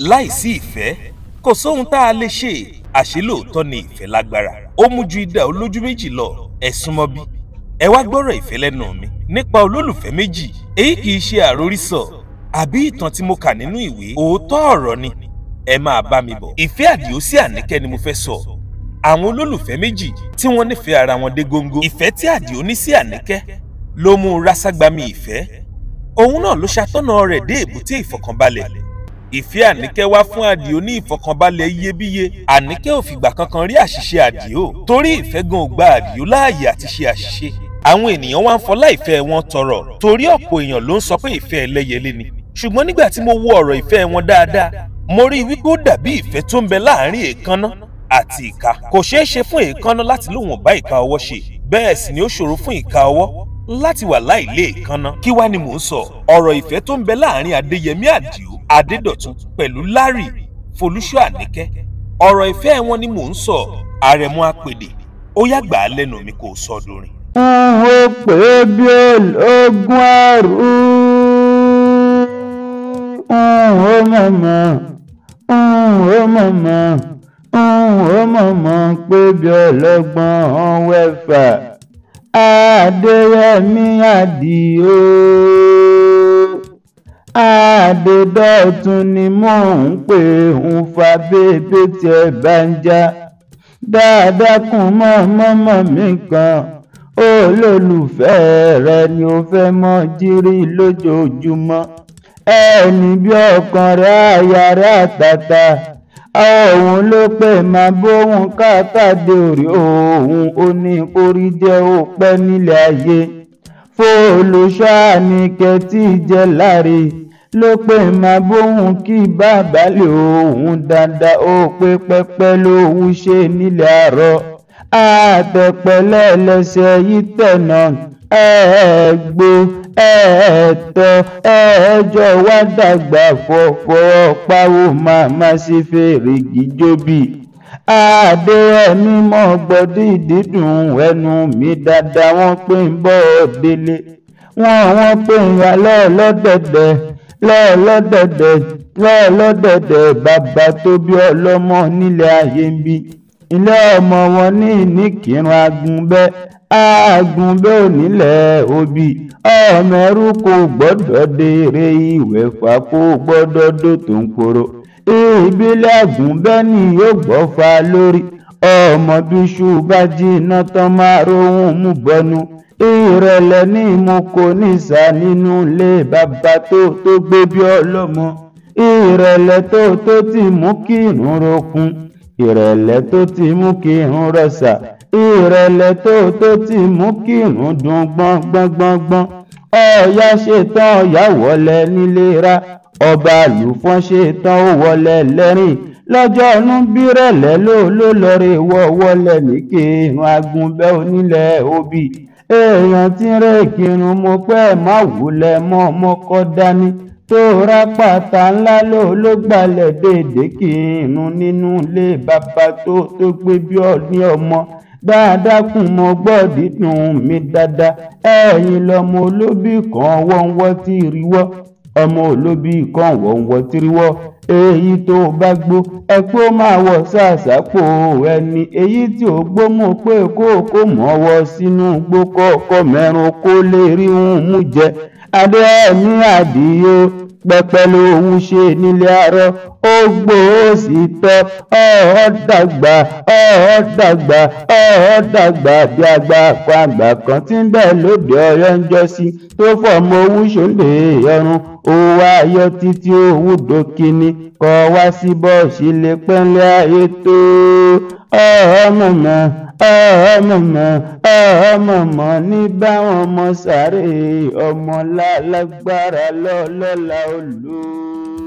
láìsí ìfẹ́ kò sóhun tá a lè ṣe àṣé lóòótọ́ ni ìfẹ́ lágbára ó mú ju idà olójú méjì lọ ẹ súnmọ́ bí ẹ wá gbọ́rọ̀ ìfẹ́ lẹ́nu mi nípa olólùfẹ́ méjì èyí kì í ṣe àrorísọ àbí ìtàn tí mo kà nínú ìwé òótọ́ ọ̀rọ̀ ni ẹ máa bá mi bọ̀ ìfẹ́ àdìó sí àníkẹ́ ni mo fẹ́ sọ àwọn olólùfẹ́ méjì tí wọ́n nífẹ̀ẹ́ ara wọn dé góńgó ìfẹ́ tí àdìó ní sí àníkẹ́ ló mú ráságbámi ìfẹ́ òun náà ló ṣàtọ́nà rẹ̀ dé èbúté ìfọ̀kànbalẹ̀ ìfẹ́ àníkẹ́ wá fún àdìo ní ìfọ̀kànbalẹ̀ iyebíye àníkẹ́ ò fìgbà kankan rí àṣìṣe àdìo torí ìfẹ́ gan ò gba àdìo láàyè àti ṣe àṣìṣe àwọn ènìyàn wá ń fọlá ìfẹ́ wọn tọrọ torí ọ̀pọ̀ èèyàn ló ń sọ pé ìfẹ́ ẹlẹ́yẹlé ni ṣùgbọ́n nígbà tí mo wo ọ̀rọ̀ ìfẹ́ wọn dáadáa mo rí i wípé ó dàbí ìfẹ́ tó ń bẹ láàárín èékánná àti ìka kò ṣeé ṣe fún èékánná láti lóun ò ìka ọwọ́ ṣe bẹ́ẹ̀ sì ni ó ṣòro fún ìka ọwọ́ láti wà láìlé èékánná kí wá ni mò ń sọ ọ̀rọ̀ ìfẹ́ tó ń bẹ láàárín Adéyẹmí Àdìó adédọ̀tun pẹ̀lú larry folúṣọ́ àníkẹ́ ọ̀rọ̀ ìfẹ́ wọn ni mò ń sọ àrẹ̀mọ apèdè ó yàgbà lẹ́nu mi kò sọ dorin. wo pé bí ológun ẹrú ó mọ̀mọ́ ó mọ̀mọ́ ó mọ̀mọ́ pé ọlọ́gbọ́n wẹ́fà adéyẹmí àdìo àdèdọ́tún ni mò ń pè ń fa bébé tí ẹ bá ń já dáadáa kún mọ́ mọ́mọ́ mi kan olólùfẹ́ rẹ ni ó fẹ́ mọ́ jírí lójoojúmọ́ ẹni bí ọkàn rẹ àyàrá àtàtà òun ló pè má bóun káàkàdé òrí òun ó ní orí jẹ́ ó pẹ́ nílé ayé fọlùṣàní kẹtí jẹláre ló pè má bóun kí bàbá lè òun dáadáa ó pé pẹpẹ lówù ṣe nílẹ̀ àárọ̀ àtẹpẹlẹ lẹsẹ yìí tẹnà ẹẹgbó ẹẹtọ ẹẹjọ wá dàgbà fọfọ pawó màmá sí fèrè gíjóbì àdé ẹni mọ́ gbọ́dí dídùn ẹnu mi dáadáa wọ́n pè ń bọ́ délé wọ́n wọ́n pè ń wá lọ́ọ̀lọ́dẹ̀dẹ̀ lọ́ọ̀lọ́dẹ̀dẹ̀ lọ́ọ̀lọ́dẹ̀dẹ̀ bàbá tó bí ọlọ́mọ nílẹ̀ ayé ń bí ilé ọmọ wọn ní ìníkìrún agunbẹ́ agunbẹ́ onílẹ̀ òbí ọmọ ẹrú kò gbọ́dọ̀ dèrè ìwẹ̀fà kò gbọ́dọ̀ dò tó ń koro ibi lẹ́gùn bẹ́ni yóò gbọ́ fa lórí ọmọ bíṣu bá jiná tán máa rohun mú bọnu ìrẹ̀lẹ̀ ní mo kò nísà nínú ilé bàbá tó tó gbé bí ọlọ́mọ ìrẹ̀lẹ̀ tó tó ti mú kí irun rokun ìrẹ̀lẹ̀ tó ti mú kí irun rọ̀ṣà ìrẹ̀lẹ̀ tó tó ti mú kí irun dùn gbọ́ngbọ́ngbọ́ngbọ́n ọ̀ya ṣetán ọ̀yá wọlé nílera ọba àlùfọ́nṣe tán ó wọlé lẹ́rìn lọ́jọ́ ọ̀nù bírẹ̀lẹ́ ló ló lọ́ọ́rẹ́ wọ́ wọlé nìke irun agunbẹ́ onílẹ̀ obì èèyàn tí ń rẹ̀ kírun mo pẹ́ má wulẹ̀ mọ́ mọ́kọ́ dání tó rápàtà ńlá ló ló gbalẹ̀ déédéé kírun nínú ilé bàbá tó tó gbé bí ọ̀ní ọmọ dáadáa kùn mọ gbọ́dí dùn mí dáadáa ẹ̀yin lọmọ olóbì kan wọ́n wọ́n ti rí wọ́. ọmọ olóbi kan wọ̀ ń wọ tíríwọ́ èyí tó bá gbó ẹ ó máa wọ sàṣàpò ẹni èyí tí ó gbómù pé kó kó mọ wọ sínú gbó kọ́kọ́ mẹ́rùn kó lè rí òun mú jẹ adé ẹ̀mí àdìyó pẹpẹ lòun ṣe nílé arọ ó gbòòsì tọ ọ̀ọ́ dàgbà ọ̀ọ́ dàgbà ọ̀ọ́ dàgbà bí àgbà kan àgbà kan tí ń bẹ lóde Ọ̀yọ́ ń jọ sí tó fọmọ owó ṣòlè ọrùn ó wá títí owó dókínì kọ wá sí bọ́ọ̀sì lè pẹ́ńlẹ́ ayé tó ọmọọmọ ọmọọmọ ọmọọmọ ní báwọn ọmọ sáré ọmọ lálágbára lọlọlá olóò.